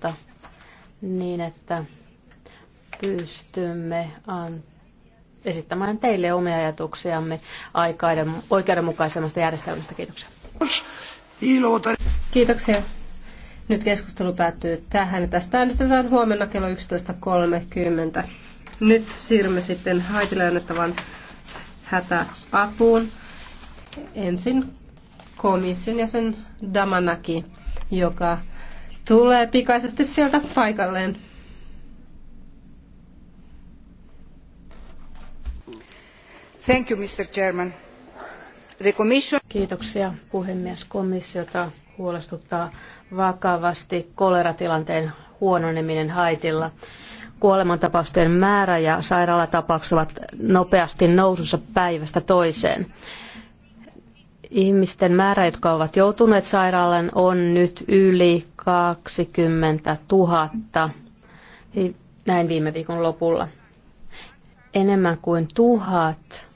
kautta niin, että pystymme esittämään teille omia ajatuksiamme aikaiden oikeudenmukaisemmasta järjestelmästä. Kiitoksia. Kiitoksia. Nyt keskustelu päättyy tähän. Tästä äänestetään huomenna kello 11.30. Nyt siirrymme sitten Haitille annettavan hätäapuun. Ensin komission jäsen Damanaki, joka tulee pikaisesti sieltä paikalleen. Thank you, Mr. Chairman. The commission... Kiitoksia puhemies komissiota huolestuttaa vakavasti koleratilanteen huononeminen Haitilla. Kuolemantapausten määrä ja sairaalatapaukset ovat nopeasti nousussa päivästä toiseen. Ihmisten määrä, jotka ovat joutuneet sairaalaan, on nyt yli 20 000, näin viime viikon lopulla. Enemmän kuin tuhat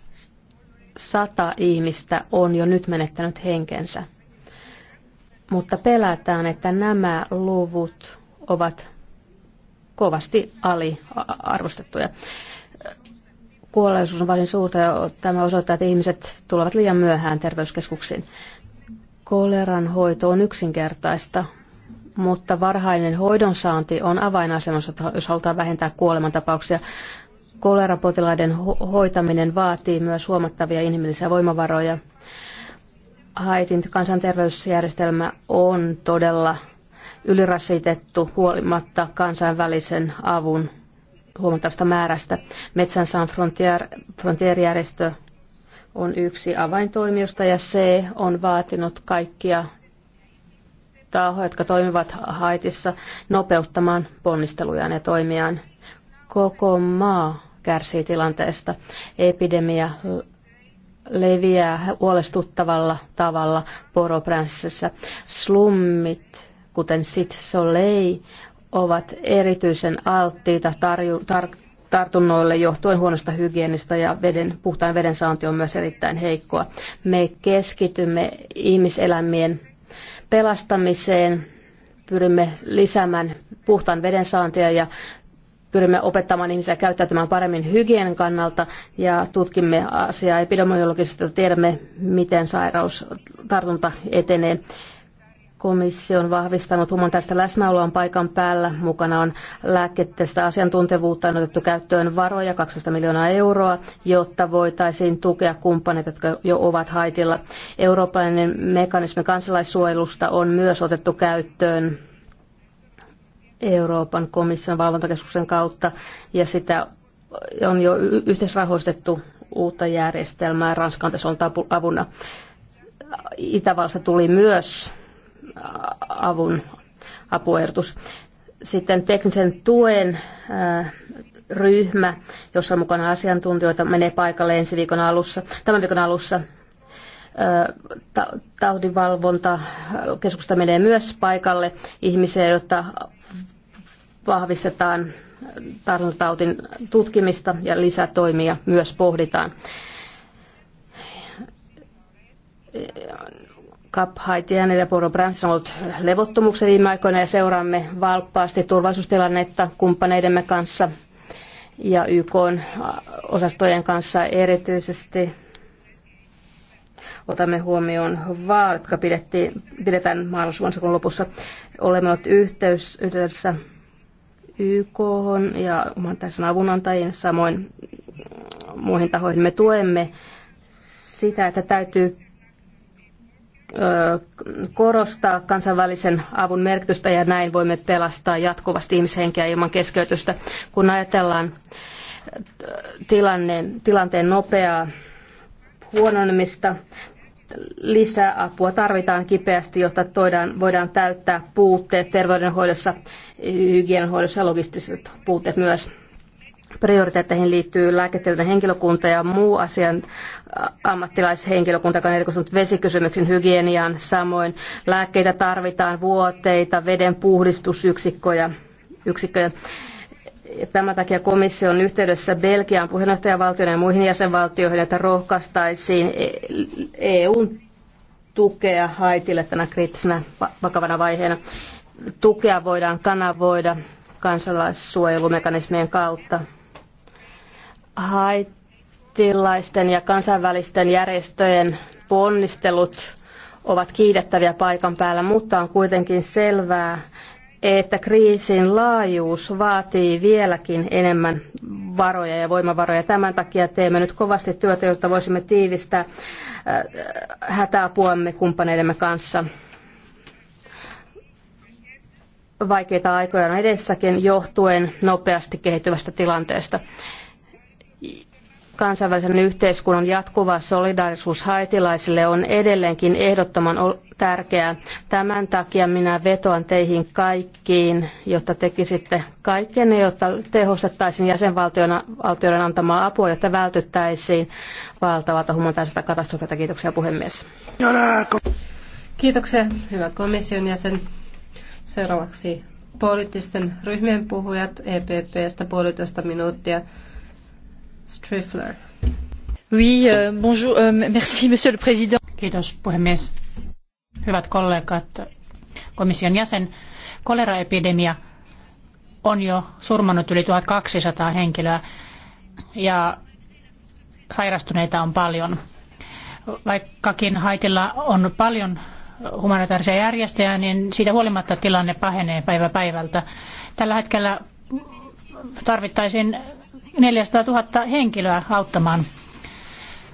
sata ihmistä on jo nyt menettänyt henkensä. Mutta pelätään, että nämä luvut ovat kovasti aliarvostettuja kuolleisuus on paljon suurta ja tämä osoittaa, että ihmiset tulevat liian myöhään terveyskeskuksiin. Koleran hoito on yksinkertaista, mutta varhainen hoidon saanti on avainasemassa, jos halutaan vähentää kuolemantapauksia. Kolerapotilaiden ho- hoitaminen vaatii myös huomattavia inhimillisiä voimavaroja. Haitin kansanterveysjärjestelmä on todella ylirasitettu huolimatta kansainvälisen avun huomattavasta määrästä. Metsän San Frontier, Frontier-järjestö on yksi avaintoimijoista ja se on vaatinut kaikkia tahoja, jotka toimivat Haitissa, nopeuttamaan ponnistelujaan ja toimiaan. Koko maa kärsii tilanteesta. Epidemia leviää huolestuttavalla tavalla Poropränssissä. Slummit, kuten Sit Soleil, ovat erityisen alttiita tarju- tar- tartunnoille johtuen huonosta hygienistä ja veden, puhtaan veden saanti on myös erittäin heikkoa. Me keskitymme ihmiselämien pelastamiseen, pyrimme lisäämään puhtaan veden saantia ja pyrimme opettamaan ihmisiä käyttäytymään paremmin hygienin kannalta ja tutkimme asiaa epidemiologisesti, tiedämme miten sairaus tartunta etenee. Komissio on vahvistanut humanitaarista läsnäoloa paikan päällä. Mukana on lääketieteellistä asiantuntevuutta on otettu käyttöön varoja 12 miljoonaa euroa, jotta voitaisiin tukea kumppaneita, jotka jo ovat haitilla. Eurooppalainen mekanismi kansalaissuojelusta on myös otettu käyttöön Euroopan komission valvontakeskuksen kautta ja sitä on jo yhteisrahoistettu uutta järjestelmää Ranskan tason avuna. Itävallassa tuli myös avun apuehdotus. Sitten teknisen tuen ryhmä, jossa on mukana asiantuntijoita, menee paikalle ensi viikon alussa, tämän viikon alussa taudinvalvonta keskusta menee myös paikalle ihmisiä, jotta vahvistetaan tartuntatautin tutkimista ja lisätoimia myös pohditaan Kaphaiti Haitian ja Poro Brands on ollut levottomuuksia viime aikoina ja seuraamme valppaasti turvallisuustilannetta kumppaneidemme kanssa ja YK osastojen kanssa erityisesti. Otamme huomioon vaalit, jotka pidetään maaliskuun lopussa. Olemme olleet yhteys, yhteydessä YK ja humanitaarisen avunantajien samoin muihin tahoihin. Me tuemme sitä, että täytyy korostaa kansainvälisen avun merkitystä ja näin voimme pelastaa jatkuvasti ihmishenkiä ilman keskeytystä. Kun ajatellaan tilanteen nopeaa huononemista, lisäapua tarvitaan kipeästi, jotta toidaan, voidaan täyttää puutteet terveydenhoidossa, hygienhoidossa ja logistiset puutteet myös prioriteetteihin liittyy lääketieteellinen henkilökunta ja muu asian ammattilaishenkilökunta, joka on erikoistunut vesikysymyksen hygieniaan. Samoin lääkkeitä tarvitaan, vuoteita, veden puhdistusyksikköjä. Yksikköjä. Tämän takia komissio on yhteydessä Belgian puheenjohtajavaltioiden ja muihin jäsenvaltioihin, että rohkaistaisiin EUn e tukea Haitille tänä kriittisenä vakavana vaiheena. Tukea voidaan kanavoida kansalaissuojelumekanismien kautta haittilaisten ja kansainvälisten järjestöjen ponnistelut ovat kiitettäviä paikan päällä, mutta on kuitenkin selvää, että kriisin laajuus vaatii vieläkin enemmän varoja ja voimavaroja. Tämän takia teemme nyt kovasti työtä, jotta voisimme tiivistää äh, hätäapuamme kumppaneidemme kanssa. Vaikeita aikoja on edessäkin johtuen nopeasti kehittyvästä tilanteesta kansainvälisen yhteiskunnan jatkuva solidaarisuus haitilaisille on edelleenkin ehdottoman tärkeää. Tämän takia minä vetoan teihin kaikkiin, jotta tekisitte kaikkenne, jotta tehostettaisiin jäsenvaltioiden antamaa apua, jotta vältyttäisiin valtavalta humanitaariselta katastrofilta. Kiitoksia puhemies. Kiitoksia, hyvä komission jäsen. Seuraavaksi poliittisten ryhmien puhujat EPPstä puolitoista minuuttia. Strifler. Oui, euh, bonjour, euh, merci, monsieur le président. Kiitos puhemies. Hyvät kollegat, komission jäsen, koleraepidemia on jo surmannut yli 1200 henkilöä ja sairastuneita on paljon. Vaikkakin Haitilla on paljon humanitaarisia järjestöjä, niin siitä huolimatta tilanne pahenee päivä päivältä. Tällä hetkellä tarvittaisiin 400 000 henkilöä auttamaan.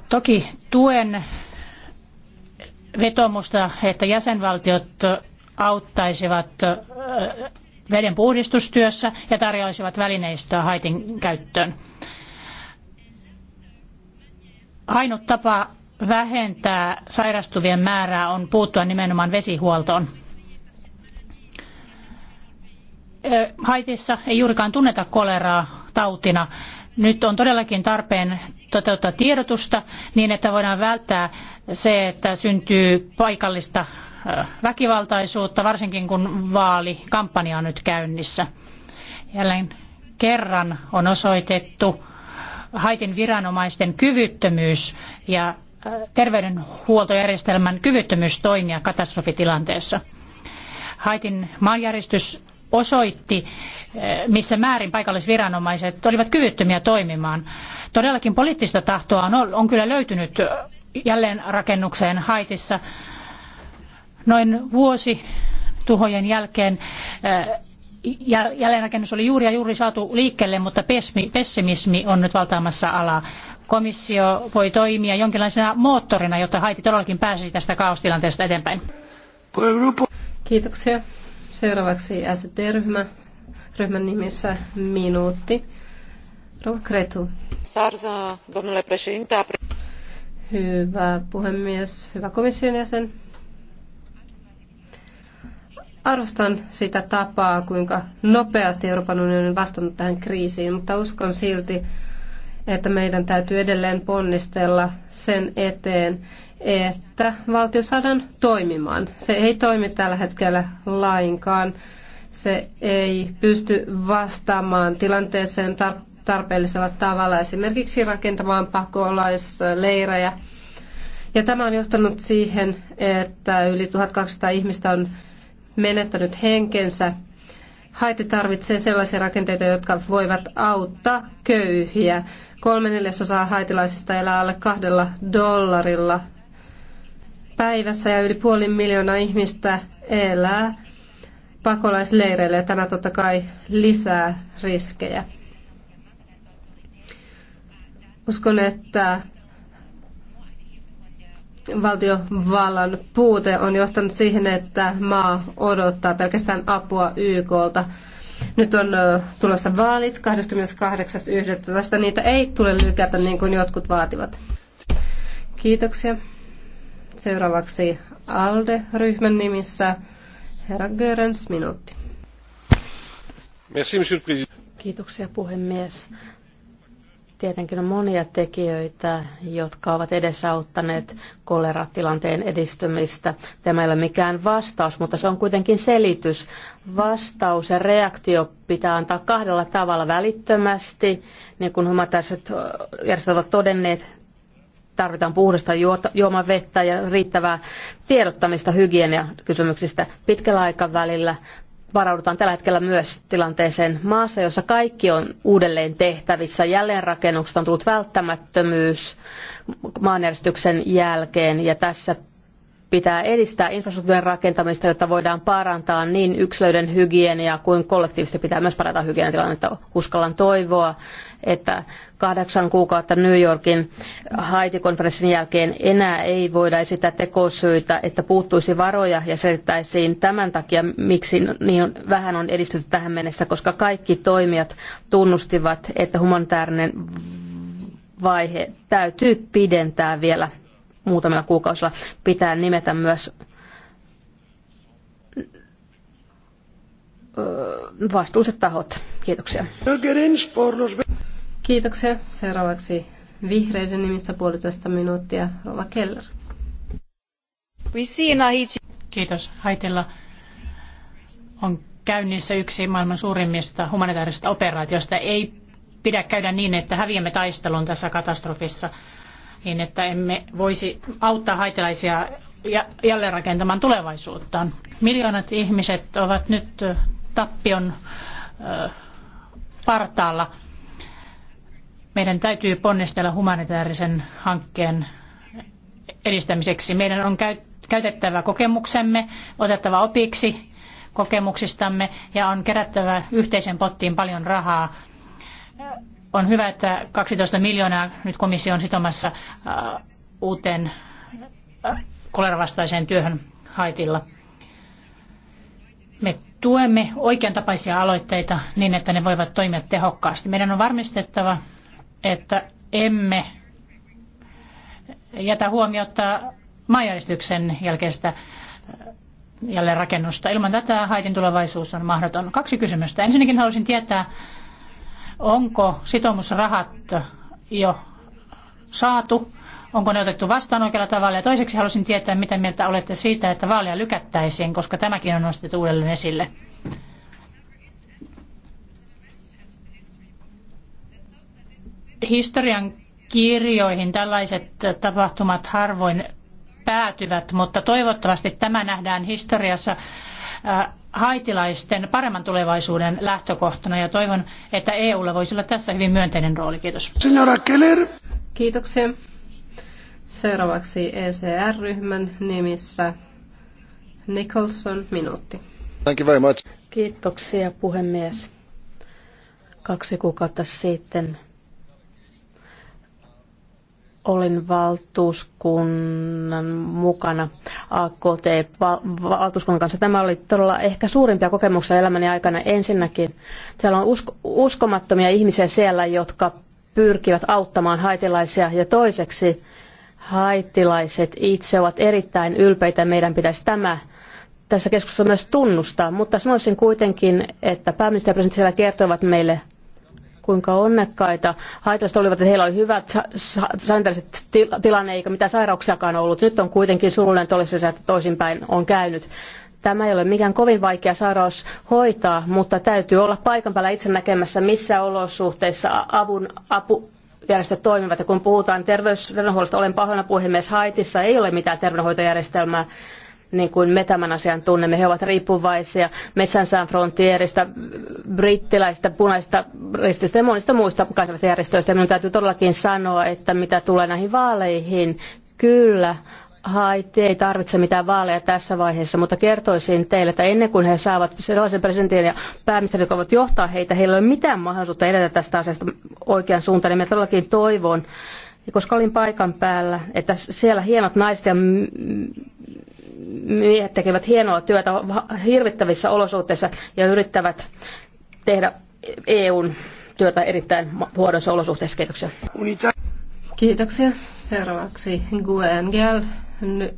Toki tuen vetomusta, että jäsenvaltiot auttaisivat veden puhdistustyössä ja tarjoaisivat välineistöä haitin käyttöön. Ainut tapa vähentää sairastuvien määrää on puuttua nimenomaan vesihuoltoon. Haitissa ei juurikaan tunneta koleraa, tautina. Nyt on todellakin tarpeen toteuttaa tiedotusta niin, että voidaan välttää se, että syntyy paikallista väkivaltaisuutta, varsinkin kun vaalikampanja on nyt käynnissä. Jälleen kerran on osoitettu Haitin viranomaisten kyvyttömyys ja terveydenhuoltojärjestelmän kyvyttömyys toimia katastrofitilanteessa. Haitin maanjäristys osoitti Eh, missä määrin paikallisviranomaiset olivat kyvyttömiä toimimaan. Todellakin poliittista tahtoa on, on kyllä löytynyt eh, jälleenrakennukseen Haitissa noin vuosi tuhojen jälkeen eh, jälleenrakennus oli juuri ja juuri saatu liikkeelle, mutta pessimismi on nyt valtaamassa alaa. Komissio voi toimia jonkinlaisena moottorina, jotta Haiti todellakin pääsisi tästä kaostilanteesta eteenpäin. Kiitoksia. Seuraavaksi SD-ryhmä ryhmän nimissä minuutti. Rouva Sarsa, domnule președinte. Hyvä puhemies, hyvä komission jäsen. Arvostan sitä tapaa, kuinka nopeasti Euroopan unioni on vastannut tähän kriisiin, mutta uskon silti, että meidän täytyy edelleen ponnistella sen eteen, että valtio saadaan toimimaan. Se ei toimi tällä hetkellä lainkaan. Se ei pysty vastaamaan tilanteeseen tarpeellisella tavalla, esimerkiksi rakentamaan pakolaisleirejä. Ja tämä on johtanut siihen, että yli 1200 ihmistä on menettänyt henkensä. Haiti tarvitsee sellaisia rakenteita, jotka voivat auttaa köyhiä. Kolme neljäsosaa haitilaisista elää alle kahdella dollarilla päivässä ja yli puoli miljoonaa ihmistä elää pakolaisleireille ja tämä totta kai lisää riskejä. Uskon, että valtiovallan puute on johtanut siihen, että maa odottaa pelkästään apua YKlta. Nyt on tulossa vaalit 28.11. Niitä ei tule lykätä niin kuin jotkut vaativat. Kiitoksia. Seuraavaksi ALDE-ryhmän nimissä Herra Kiitoksia puhemies. Tietenkin on monia tekijöitä, jotka ovat edesauttaneet koleratilanteen edistymistä. Tämä ei ole mikään vastaus, mutta se on kuitenkin selitys. Vastaus ja reaktio pitää antaa kahdella tavalla välittömästi, niin kuin humanitaariset järjestöt ovat todenneet, tarvitaan puhdasta vettä ja riittävää tiedottamista hygieniakysymyksistä pitkällä aikavälillä. Varaudutaan tällä hetkellä myös tilanteeseen maassa, jossa kaikki on uudelleen tehtävissä. Jälleenrakennuksesta on tullut välttämättömyys maanjärjestyksen jälkeen ja tässä pitää edistää infrastruktuurin rakentamista, jotta voidaan parantaa niin yksilöiden hygieniaa kuin kollektiivisesti pitää myös parantaa hygieniatilannetta. Uskallan toivoa, että kahdeksan kuukautta New Yorkin Haiti-konferenssin jälkeen enää ei voida esittää tekosyitä, että puuttuisi varoja ja selittäisiin tämän takia, miksi niin vähän on edistytty tähän mennessä, koska kaikki toimijat tunnustivat, että humanitaarinen vaihe täytyy pidentää vielä muutamilla kuukausilla pitää nimetä myös vastuulliset tahot. Kiitoksia. Kiitoksia. Seuraavaksi vihreiden nimissä puolitoista minuuttia. Rova Keller. Kiitos. Haitilla on käynnissä yksi maailman suurimmista humanitaarisista operaatioista. Ei pidä käydä niin, että häviämme taistelun tässä katastrofissa niin että emme voisi auttaa haitilaisia jälleenrakentamaan tulevaisuuttaan. Miljoonat ihmiset ovat nyt tappion partaalla. Meidän täytyy ponnistella humanitaarisen hankkeen edistämiseksi. Meidän on käytettävä kokemuksemme, otettava opiksi kokemuksistamme ja on kerättävä yhteisen pottiin paljon rahaa on hyvä, että 12 miljoonaa nyt komissio on sitomassa äh, uuteen äh, koleravastaiseen työhön Haitilla. Me tuemme oikean tapaisia aloitteita niin, että ne voivat toimia tehokkaasti. Meidän on varmistettava, että emme jätä huomiota maanjäristyksen jälkeistä äh, jälleenrakennusta. Ilman tätä Haitin tulevaisuus on mahdoton. Kaksi kysymystä. Ensinnäkin haluaisin tietää, Onko sitoumusrahat jo saatu? Onko ne otettu vastaan oikealla tavalla? Ja toiseksi haluaisin tietää, mitä mieltä olette siitä, että vaaleja lykättäisiin, koska tämäkin on nostettu uudelleen esille. Historian kirjoihin tällaiset tapahtumat harvoin päätyvät, mutta toivottavasti tämä nähdään historiassa haitilaisten paremman tulevaisuuden lähtökohtana ja toivon, että EUlla voisi olla tässä hyvin myönteinen rooli. Kiitos. Senora Keller. Kiitoksia. Seuraavaksi ECR-ryhmän nimissä Nicholson minuutti. Thank you very much. Kiitoksia puhemies. Kaksi kuukautta sitten Olin valtuuskunnan mukana AKT-valtuuskunnan kanssa. Tämä oli todella ehkä suurimpia kokemuksia elämäni aikana ensinnäkin. Siellä on usko- uskomattomia ihmisiä siellä, jotka pyrkivät auttamaan haitilaisia ja toiseksi haitilaiset itse ovat erittäin ylpeitä. Meidän pitäisi tämä tässä keskustelussa myös tunnustaa, mutta sanoisin kuitenkin, että pääministeri ja presidentti siellä kertoivat meille kuinka onnekkaita haitalliset olivat, että heillä oli hyvät sanitaariset tilanne eikä mitään sairauksiakaan ollut. Nyt on kuitenkin surullinen tosiasia, että toisinpäin on käynyt. Tämä ei ole mikään kovin vaikea sairaus hoitaa, mutta täytyy olla paikan päällä itse näkemässä, missä olosuhteissa avun, apu, järjestöt toimivat. Ja kun puhutaan terveysterveydenhuollosta, olen pahoina puhemies, Haitissa ei ole mitään terveydenhoitojärjestelmää niin kuin me tämän asian tunnemme. He ovat riippuvaisia Messansan Frontierista, brittiläisistä, punaisista rististä ja monista muista kansainvälisistä järjestöistä. Minun täytyy todellakin sanoa, että mitä tulee näihin vaaleihin, kyllä Haiti ei tarvitse mitään vaaleja tässä vaiheessa, mutta kertoisin teille, että ennen kuin he saavat sellaisen presidentin ja pääministerin, joka voivat johtaa heitä, heillä ei ole mitään mahdollisuutta edetä tästä asiasta oikean suuntaan. Niin minä todellakin toivon, koska olin paikan päällä, että siellä hienot naiset ja miehet tekevät hienoa työtä hirvittävissä olosuhteissa ja yrittävät tehdä EUn työtä erittäin huonoissa olosuhteissa. Kiitoksia. Kiitoksia. Seuraavaksi Guengel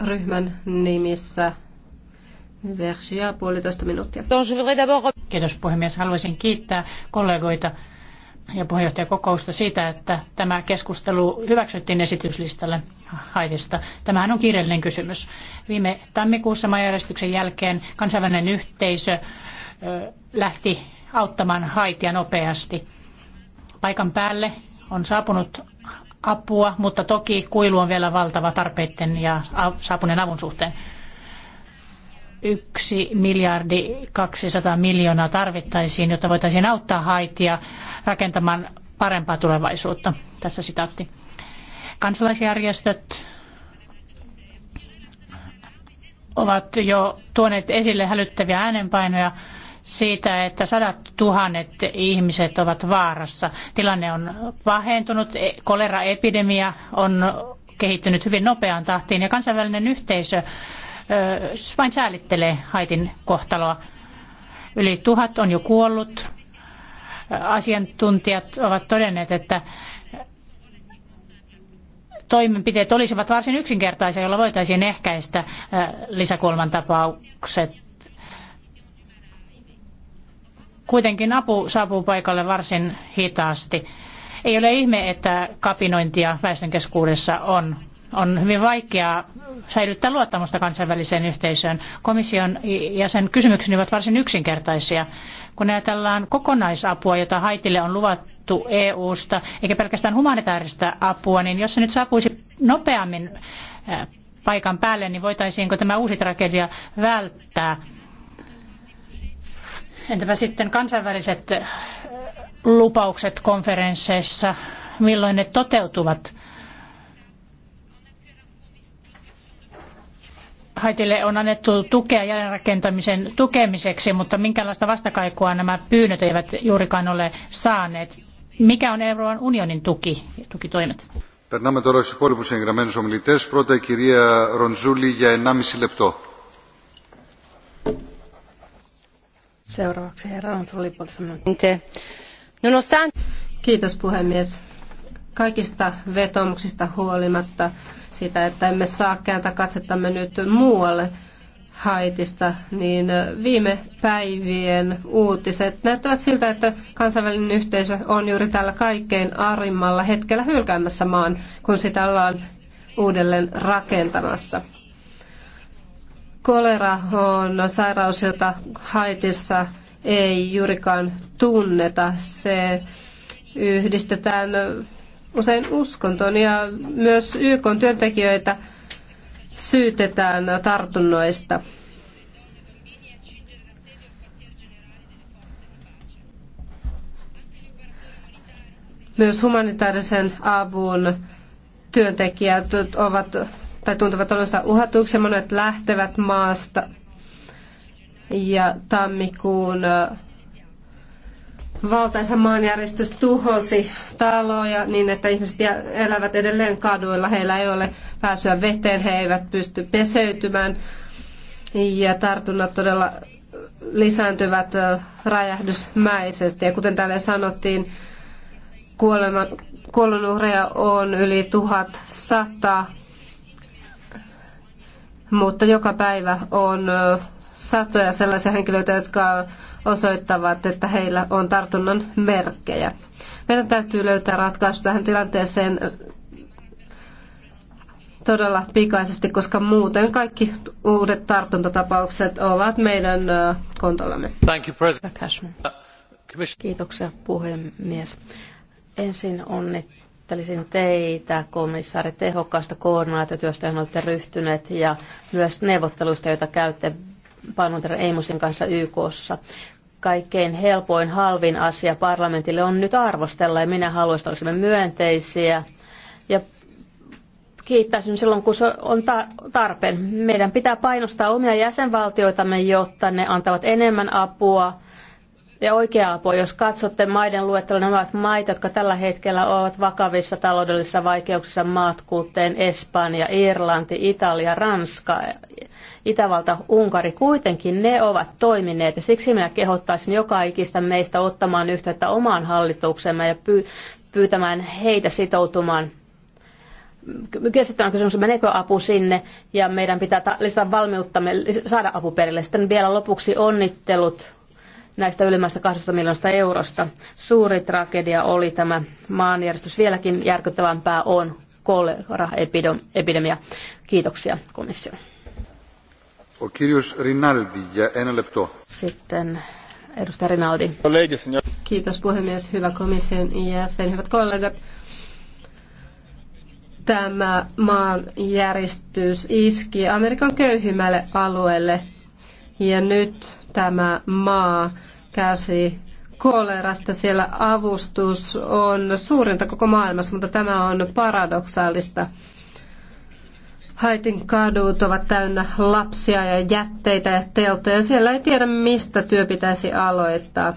ryhmän nimissä. Versia, puolitoista minuuttia. Kiitos puhemies. Haluaisin kiittää kollegoita ja puheenjohtajakokousta siitä, että tämä keskustelu hyväksyttiin esityslistalle Haitista. Tämähän on kiireellinen kysymys. Viime tammikuussa maanjärjestyksen jälkeen kansainvälinen yhteisö lähti auttamaan Haitia nopeasti. Paikan päälle on saapunut apua, mutta toki kuilu on vielä valtava tarpeiden ja saapuneen avun suhteen yksi miljardi 200 miljoonaa tarvittaisiin, jotta voitaisiin auttaa Haitia rakentamaan parempaa tulevaisuutta. Tässä sitaatti. Kansalaisjärjestöt ovat jo tuoneet esille hälyttäviä äänenpainoja siitä, että sadat tuhannet ihmiset ovat vaarassa. Tilanne on pahentunut, e- koleraepidemia on kehittynyt hyvin nopeaan tahtiin ja kansainvälinen yhteisö vain säälittelee Haitin kohtaloa. Yli tuhat on jo kuollut. Asiantuntijat ovat todenneet, että toimenpiteet olisivat varsin yksinkertaisia, joilla voitaisiin ehkäistä lisäkuolman tapaukset. Kuitenkin apu saapuu paikalle varsin hitaasti. Ei ole ihme, että kapinointia väestön keskuudessa on on hyvin vaikeaa säilyttää luottamusta kansainväliseen yhteisöön. Komission ja sen kysymykseni ovat varsin yksinkertaisia. Kun ajatellaan kokonaisapua, jota Haitille on luvattu EU-sta, eikä pelkästään humanitaarista apua, niin jos se nyt saapuisi nopeammin äh, paikan päälle, niin voitaisiinko tämä uusi tragedia välttää? Entäpä sitten kansainväliset äh, lupaukset konferensseissa, milloin ne toteutuvat? Haitille on annettu tukea jälleenrakentamisen tukemiseksi, mutta minkälaista vastakaikua nämä pyynnöt eivät juurikaan ole saaneet. Mikä on Euroopan unionin tuki, tukitoimet? Περνάμε τώρα στους υπόλοιπους εγγραμμένους ομιλητές. Πρώτα η κυρία Ρονζούλη για 1,5 λεπτό. Seuraavaksi herra Ronsuli, puolitoista Kiitos puhemies. Kaikista vetomuksista huolimatta sitä, että emme saa kääntää katsettamme nyt muualle Haitista, niin viime päivien uutiset näyttävät siltä, että kansainvälinen yhteisö on juuri tällä kaikkein arimmalla hetkellä hylkäämässä maan, kun sitä ollaan uudelleen rakentamassa. Kolera on sairaus, jota Haitissa ei juurikaan tunneta. Se yhdistetään usein uskontoon ja myös YK työntekijöitä syytetään tartunnoista. Myös humanitaarisen avun työntekijät ovat tai tuntuvat olonsa uhatuksi. Monet lähtevät maasta ja tammikuun valtaisa maanjäristys tuhosi taloja niin, että ihmiset elävät edelleen kaduilla. Heillä ei ole pääsyä veteen, he eivät pysty peseytymään ja tartunnat todella lisääntyvät räjähdysmäisesti. Ja kuten täällä sanottiin, kuolema, kuolonuhreja on yli 1100, mutta joka päivä on satoja sellaisia henkilöitä, jotka osoittavat, että heillä on tartunnan merkkejä. Meidän täytyy löytää ratkaisu tähän tilanteeseen todella pikaisesti, koska muuten kaikki uudet tartuntatapaukset ovat meidän kontollamme. Thank you, President. Kiitoksia puhemies. Ensin onnittelisin teitä, komissaari, tehokkaasta koordinaatiotyöstä, johon olette ryhtyneet ja myös neuvotteluista, joita käytte Palmonter Eimusin kanssa YKssa. Kaikkein helpoin, halvin asia parlamentille on nyt arvostella ja minä haluaisin, että olisimme myönteisiä ja kiittäisin silloin, kun se on tarpeen. Meidän pitää painostaa omia jäsenvaltioitamme, jotta ne antavat enemmän apua ja oikeaa apua. Jos katsotte maiden luettelua, ne ovat maita, jotka tällä hetkellä ovat vakavissa taloudellisissa vaikeuksissa, maat kuten Espanja, Irlanti, Italia, Ranska, Itävalta, Unkari, kuitenkin ne ovat toimineet ja siksi minä kehottaisin joka ikistä meistä ottamaan yhteyttä omaan hallituksemme ja pyytämään heitä sitoutumaan kestävän kysymys, meneekö apu sinne ja meidän pitää lisätä valmiuttamme saada apu perille. Sitten vielä lopuksi onnittelut näistä ylimmäistä 200 miljoonasta eurosta. Suuri tragedia oli tämä maanjärjestys. Vieläkin järkyttävämpää on koleraepidemia. Kiitoksia komissio. Rinaldi, ja Sitten edustaja Rinaldi. Kiitos puhemies, hyvä komission jäsen, hyvät kollegat. Tämä maanjäristys iski Amerikan köyhimmälle alueelle ja nyt tämä maa käsi kolerasta. Siellä avustus on suurinta koko maailmassa, mutta tämä on paradoksaalista. Haitin kadut ovat täynnä lapsia ja jätteitä ja teltoja. Siellä ei tiedä, mistä työ pitäisi aloittaa.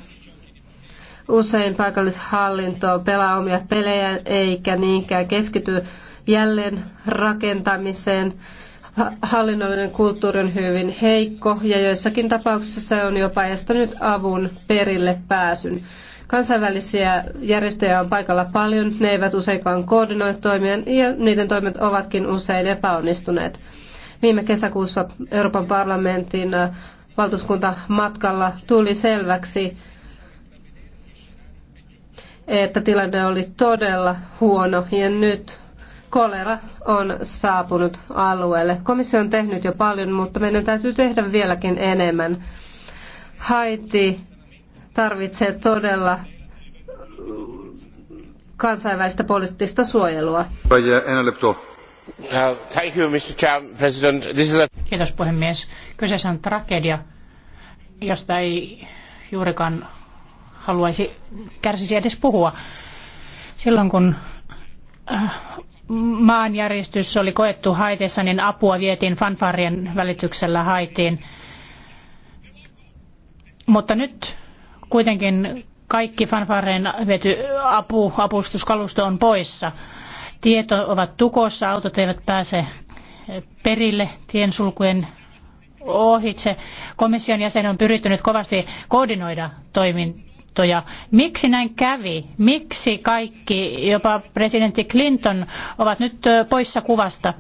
Usein paikallishallinto pelaa omia pelejä eikä niinkään keskity jälleen rakentamiseen. Hallinnollinen kulttuuri on hyvin heikko ja joissakin tapauksissa se on jopa estänyt avun perille pääsyn. Kansainvälisiä järjestöjä on paikalla paljon, ne eivät useinkaan koordinoi toimia ja niiden toimet ovatkin usein epäonnistuneet. Viime kesäkuussa Euroopan parlamentin äh, valtuuskunta matkalla tuli selväksi, että tilanne oli todella huono ja nyt kolera on saapunut alueelle. Komissio on tehnyt jo paljon, mutta meidän täytyy tehdä vieläkin enemmän. Haiti tarvitsee todella kansainvälistä poliittista suojelua. Uh, thank you, Mr. President. This is a... Kiitos puhemies. Kyseessä on tragedia, josta ei juurikaan haluaisi, kärsisi edes puhua. Silloin kun äh, maanjäristys oli koettu Haitissa, niin apua vietiin fanfarien välityksellä Haitiin. Mutta nyt Kuitenkin kaikki fanfareen viety apu, apustuskalusto on poissa. Tieto ovat tukossa, autot eivät pääse perille tiensulkujen ohitse. Komission jäsen on pyrittynyt kovasti koordinoida toimintoja. Miksi näin kävi? Miksi kaikki, jopa presidentti Clinton, ovat nyt poissa kuvasta?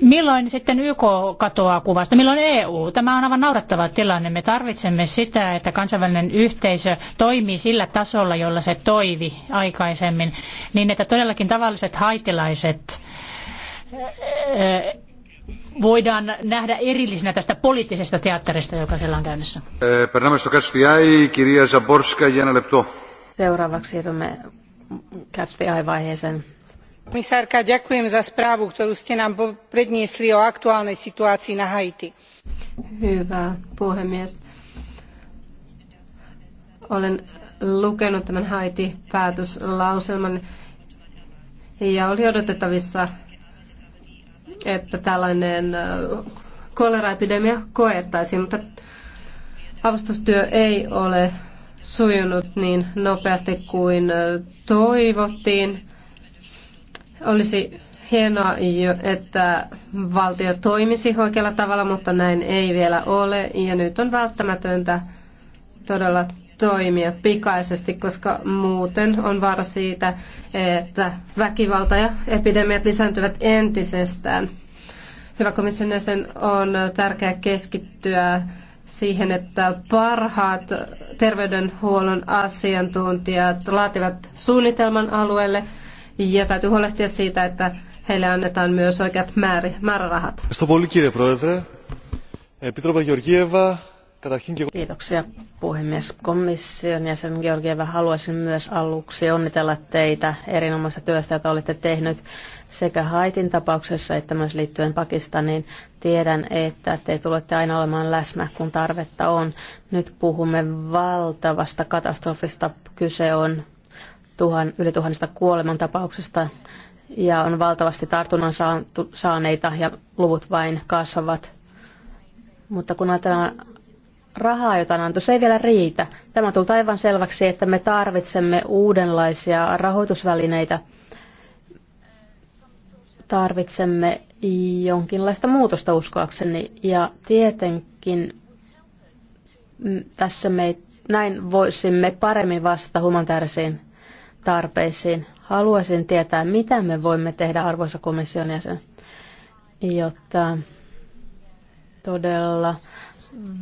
Milloin sitten YK katoaa kuvasta? Milloin EU? Tämä on aivan naurattava tilanne. Me tarvitsemme sitä, että kansainvälinen yhteisö toimii sillä tasolla, jolla se toivi aikaisemmin, niin että todellakin tavalliset haitilaiset eh, voidaan nähdä erillisenä tästä poliittisesta teatterista, joka siellä on käynnissä. Eh, no Seuraavaksi siirrymme Catch the Eye-vaiheeseen komisárka ďakujem za správu ktorú ste nám predniesli o aktuálnej situácii na haiti. hyvä puhemies olen lukenut tämän haiti päätöslauselman ja oli odotettavissa että tällainen koleraepidemia koettaisiin, mutta avustustyö ei ole sujunut niin nopeasti kuin toivottiin olisi hienoa, että valtio toimisi oikealla tavalla, mutta näin ei vielä ole. Ja nyt on välttämätöntä todella toimia pikaisesti, koska muuten on vaara siitä, että väkivalta ja epidemiat lisääntyvät entisestään. Hyvä komission jäsen, on tärkeää keskittyä siihen, että parhaat terveydenhuollon asiantuntijat laativat suunnitelman alueelle – ja täytyy huolehtia siitä, että heille annetaan myös oikeat määrä, määrärahat. Kiitoksia puhemies. Komission jäsen Georgieva, haluaisin myös aluksi onnitella teitä erinomaisesta työstä, jota olette tehnyt sekä Haitin tapauksessa että myös liittyen Pakistaniin. Tiedän, että te tulette aina olemaan läsnä, kun tarvetta on. Nyt puhumme valtavasta katastrofista. Kyse on tuhan, yli tuhannesta kuolemantapauksesta ja on valtavasti tartunnan saaneita ja luvut vain kasvavat. Mutta kun ajatellaan rahaa, jota on antu, se ei vielä riitä. Tämä tulta aivan selväksi, että me tarvitsemme uudenlaisia rahoitusvälineitä. Tarvitsemme jonkinlaista muutosta uskoakseni ja tietenkin tässä me näin voisimme paremmin vastata humanitaarisiin tarpeisiin. Haluaisin tietää, mitä me voimme tehdä, arvoisa komission jäsen, jotta todella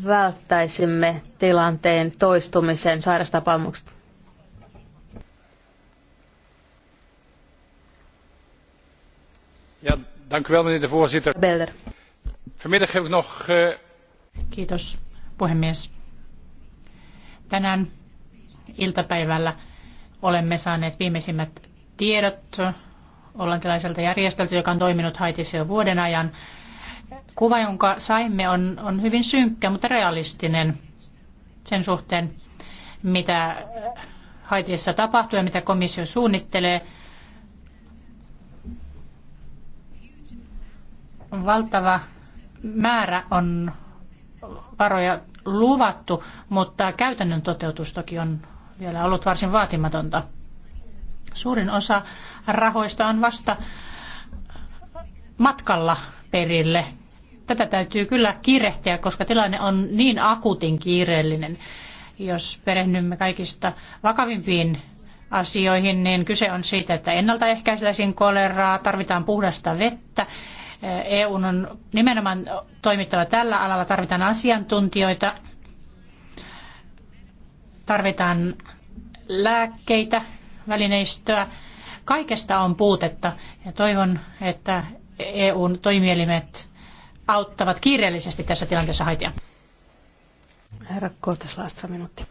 välttäisimme tilanteen toistumisen sairastapaamuksesta. Ja, dank u wel, meneer de voorzitter. Belder. Vanmiddag heb ik nog... Uh... Kiitos, puhemies. Tänään iltapäivällä Olemme saaneet viimeisimmät tiedot hollantilaiselta järjestöltä, joka on toiminut Haitissa jo vuoden ajan. Kuva, jonka saimme, on, on hyvin synkkä, mutta realistinen sen suhteen, mitä Haitissa tapahtuu ja mitä komissio suunnittelee. Valtava määrä on varoja luvattu, mutta käytännön toteutus toki on vielä ollut varsin vaatimatonta. Suurin osa rahoista on vasta matkalla perille. Tätä täytyy kyllä kiirehtiä, koska tilanne on niin akuutin kiireellinen. Jos perehdymme kaikista vakavimpiin asioihin, niin kyse on siitä, että ennaltaehkäistäisiin koleraa, tarvitaan puhdasta vettä. EU on nimenomaan toimittava tällä alalla, tarvitaan asiantuntijoita, tarvitaan lääkkeitä, välineistöä. Kaikesta on puutetta ja toivon, että EUn toimielimet auttavat kiireellisesti tässä tilanteessa Haitia. Herra Korteslaastra, minuutti.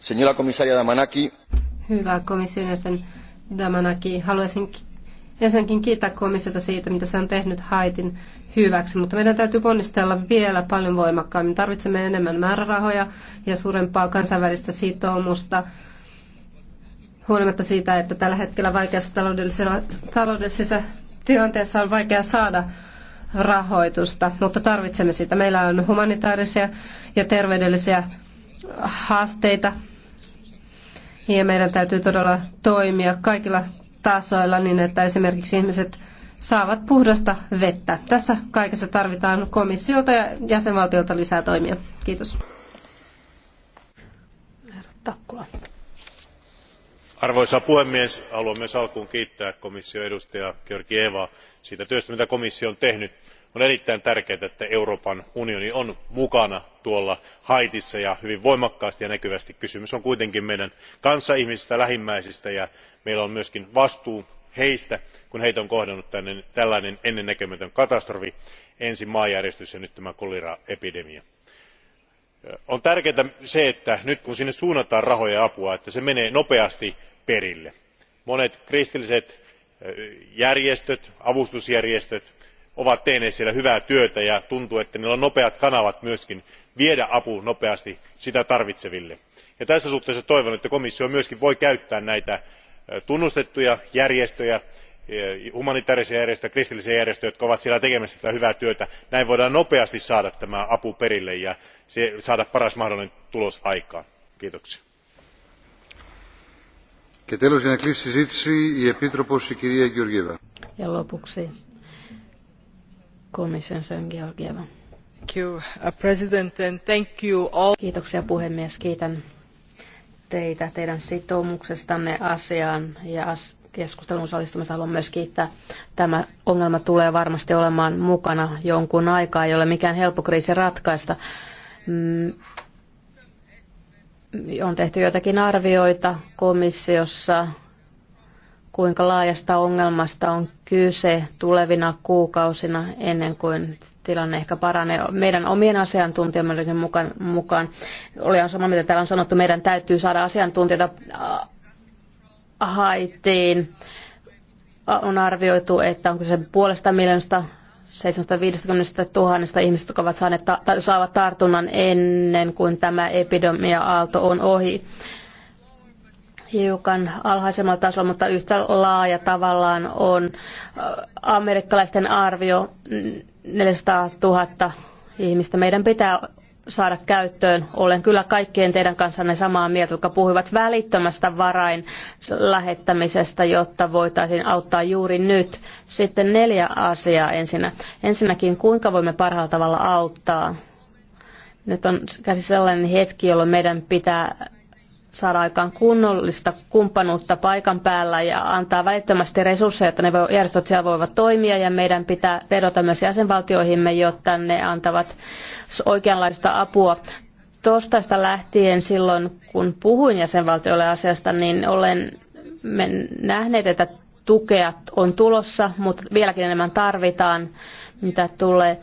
Señora komissaria Damanaki. Hyvä komission jäsen Damanaki, haluaisin Ensinnäkin kiittää komissiota siitä, mitä se on tehnyt Haitin hyväksi, mutta meidän täytyy ponnistella vielä paljon voimakkaammin. Tarvitsemme enemmän määrärahoja ja suurempaa kansainvälistä sitoumusta huolimatta siitä, että tällä hetkellä vaikeassa taloudellisessa, taloudellisessa tilanteessa on vaikea saada rahoitusta, mutta tarvitsemme sitä. Meillä on humanitaarisia ja terveydellisiä haasteita ja meidän täytyy todella toimia kaikilla tasoilla niin, että esimerkiksi ihmiset saavat puhdasta vettä. Tässä kaikessa tarvitaan komissiolta ja jäsenvaltiolta lisää toimia. Kiitos. Takkula. Arvoisa puhemies, haluan myös alkuun kiittää komission edustajaa Georgievaa siitä työstä, mitä komissio on tehnyt. On erittäin tärkeää, että Euroopan unioni on mukana tuolla haitissa ja hyvin voimakkaasti ja näkyvästi. kysymys on kuitenkin meidän kanssaihmisistämme lähimmäisistämme ja meillä on myös vastuu heistä kun heitä on kohdannut tällainen ennennäkemätön katastrofi ensin maanjäristys ja nyt tämä koleraepidemia. on tärkeää se että nyt kun sinne suunnataan rahoja ja apua se menee nopeasti perille. monet kristilliset järjestöt avustusjärjestöt ovat tehneet siellä hyvää työtä ja tuntuu että niillä on nopeat kanavat myös viedä apu nopeasti sitä tarvitseville. tässä suhteessa toivon että komissio myös voi käyttää näitä tunnustettuja järjestöjä humanitaarisia järjestöjä kristillisiä järjestöjä jotka ovat siellä tekemässä tätä hyvää työtä. näin voidaan nopeasti saada tämä apu perille ja saada paras mahdollinen tulos aikaan. kiitoksia. lopuksi komission sen Georgieva. Thank you, uh, President, and thank you all. Kiitoksia puhemies. Kiitän teitä teidän sitoumuksestanne asiaan ja as- keskustelun osallistumista haluan myös kiittää. Tämä ongelma tulee varmasti olemaan mukana jonkun aikaa, ei ole mikään helppo kriisi ratkaista. Mm, on tehty joitakin arvioita komissiossa kuinka laajasta ongelmasta on kyse tulevina kuukausina ennen kuin tilanne ehkä paranee. Meidän omien asiantuntijoiden mukaan, mukaan olen sama, mitä täällä on sanottu, meidän täytyy saada asiantuntijoita äh, Haitiin. On arvioitu, että onko se puolesta miljoonasta 750 000 ihmistä, jotka ovat saaneet, ta- saavat tartunnan ennen kuin tämä epidemia-aalto on ohi hiukan alhaisemmalla tasolla, mutta yhtä laaja tavallaan on äh, amerikkalaisten arvio 400 000 ihmistä. Meidän pitää saada käyttöön. Olen kyllä kaikkien teidän kanssanne samaa mieltä, jotka puhuivat välittömästä varain lähettämisestä, jotta voitaisiin auttaa juuri nyt. Sitten neljä asiaa ensinnä. Ensinnäkin, kuinka voimme parhaalla tavalla auttaa? Nyt on käsi sellainen hetki, jolloin meidän pitää saada aikaan kunnollista kumppanuutta paikan päällä ja antaa välittömästi resursseja, että ne järjestöt siellä voivat toimia ja meidän pitää vedota myös jäsenvaltioihimme, jotta ne antavat oikeanlaista apua. Torstaista lähtien silloin, kun puhuin jäsenvaltioille asiasta, niin olen nähneet, että tukea on tulossa, mutta vieläkin enemmän tarvitaan mitä tulee eh,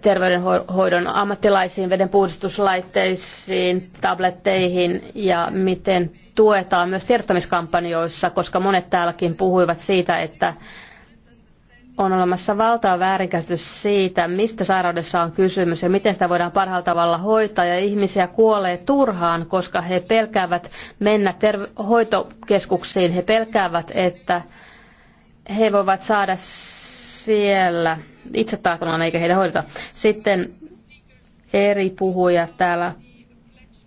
terveydenhoidon ammattilaisiin, vedenpuhdistuslaitteisiin, tabletteihin ja miten tuetaan myös tiedottamiskampanjoissa, koska monet täälläkin puhuivat siitä, että on olemassa valtava väärinkäsitys siitä, mistä sairaudessa on kysymys ja miten sitä voidaan parhaalla tavalla hoitaa. Ja ihmisiä kuolee turhaan, koska he pelkäävät mennä hoitokeskuksiin. He pelkäävät, että he voivat saada siellä itse tahtomaan eikä heitä hoideta. Sitten eri puhujat täällä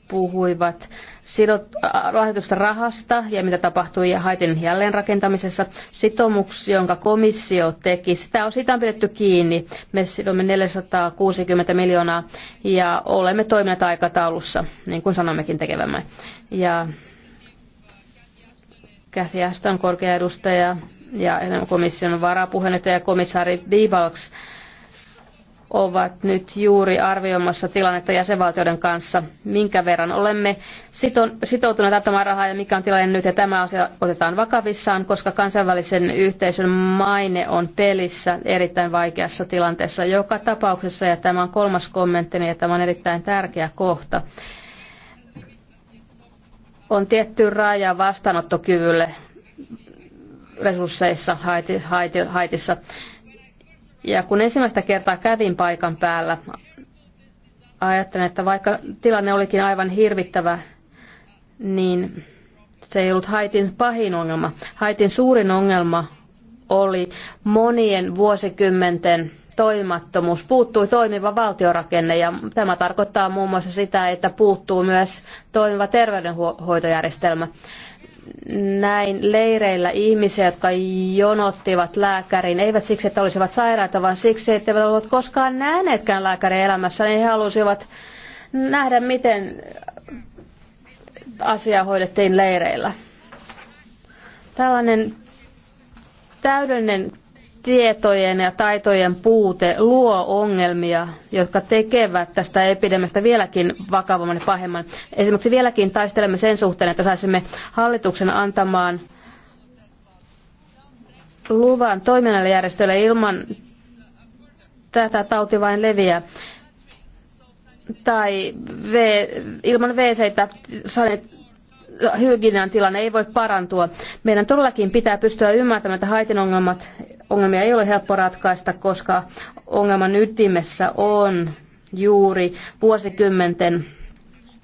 puhuivat sidot, rahoitusta rahasta ja mitä tapahtui ja haitin jälleenrakentamisessa. Sitoumuksi, jonka komissio teki, sitä on, sitä on pidetty kiinni. Me sidomme 460 miljoonaa ja olemme toimineet aikataulussa, niin kuin sanommekin tekevämme. Ja Kathy Aston, korkea edustaja, ja komission varapuheenjohtaja ja komissaari Bibalks ovat nyt juuri arvioimassa tilannetta jäsenvaltioiden kanssa, minkä verran olemme sitoutuneet antamaan rahaa ja mikä on tilanne nyt. Ja tämä asia otetaan vakavissaan, koska kansainvälisen yhteisön maine on pelissä erittäin vaikeassa tilanteessa joka tapauksessa. Ja tämä on kolmas kommenttini ja tämä on erittäin tärkeä kohta. On tietty raja vastaanottokyvylle resursseissa Haitissa. Ja kun ensimmäistä kertaa kävin paikan päällä, ajattelin, että vaikka tilanne olikin aivan hirvittävä, niin se ei ollut Haitin pahin ongelma. Haitin suurin ongelma oli monien vuosikymmenten toimattomuus. Puuttui toimiva valtiorakenne ja tämä tarkoittaa muun muassa sitä, että puuttuu myös toimiva terveydenhoitojärjestelmä näin leireillä ihmisiä, jotka jonottivat lääkäriin, eivät siksi, että olisivat sairaita, vaan siksi, että eivät olleet koskaan nähneetkään lääkärin elämässä, niin he halusivat nähdä, miten asia hoidettiin leireillä. Tällainen täydellinen tietojen ja taitojen puute luo ongelmia, jotka tekevät tästä epidemiasta vieläkin vakavamman ja pahemman. Esimerkiksi vieläkin taistelemme sen suhteen, että saisimme hallituksen antamaan luvan toiminnalle järjestölle ilman tätä tauti vain leviää tai ilman wc hygienian tilanne ei voi parantua. Meidän todellakin pitää pystyä ymmärtämään, että haitin ongelmat, ongelmia ei ole helppo ratkaista, koska ongelman ytimessä on juuri vuosikymmenten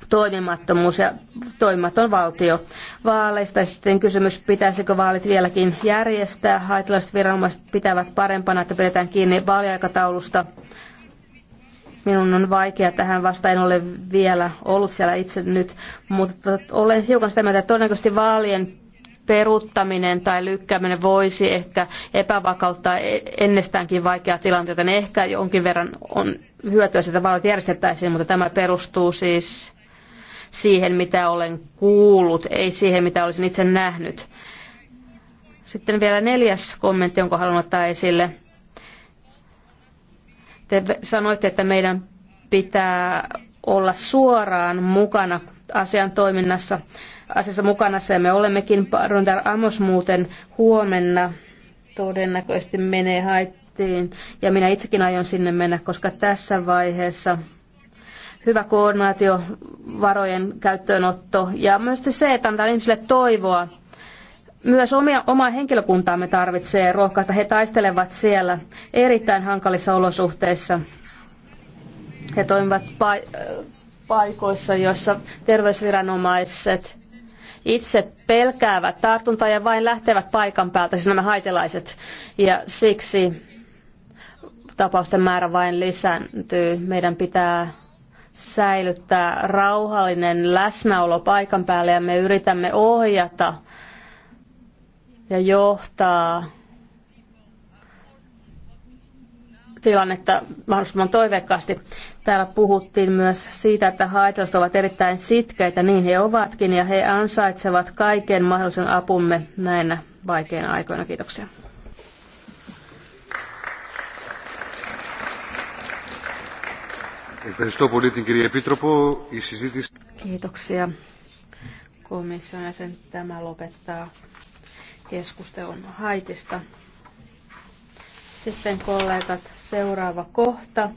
toimimattomuus ja toimimaton valtio. Vaaleista sitten kysymys, pitäisikö vaalit vieläkin järjestää. Haitilaiset viranomaiset pitävät parempana, että pidetään kiinni vaaliaikataulusta. Minun on vaikea tähän vasta, en ole vielä ollut siellä itse nyt, mutta tota, olen hiukan sitä mieltä, että todennäköisesti vaalien peruttaminen tai lykkääminen voisi ehkä epävakauttaa e- ennestäänkin vaikeaa tilanteita, niin ehkä jonkin verran on hyötyä sitä vaalit järjestettäisiin, mutta tämä perustuu siis siihen, mitä olen kuullut, ei siihen, mitä olisin itse nähnyt. Sitten vielä neljäs kommentti, jonka haluan ottaa esille. Te sanoitte, että meidän pitää olla suoraan mukana asian toiminnassa, asiassa mukana, ja me olemmekin. Rondar Amos muuten huomenna todennäköisesti menee haittiin, ja minä itsekin aion sinne mennä, koska tässä vaiheessa hyvä koordinaatio, varojen käyttöönotto ja myös se, että antaa ihmisille toivoa myös omia, omaa henkilökuntaamme tarvitsee rohkaista. He taistelevat siellä erittäin hankalissa olosuhteissa. He toimivat pa- paikoissa, joissa terveysviranomaiset itse pelkäävät tartuntaa ja vain lähtevät paikan päältä, siis nämä haitilaiset. Ja siksi tapausten määrä vain lisääntyy. Meidän pitää säilyttää rauhallinen läsnäolo paikan päälle ja me yritämme ohjata ja johtaa tilannetta mahdollisimman toiveikkaasti. Täällä puhuttiin myös siitä, että haitalliset ovat erittäin sitkeitä, niin he ovatkin, ja he ansaitsevat kaiken mahdollisen apumme näinä vaikeina aikoina. Kiitoksia. Kiitoksia komission jäsen. Tämä lopettaa keskustelun Haitista. Sitten kollegat, seuraava kohta.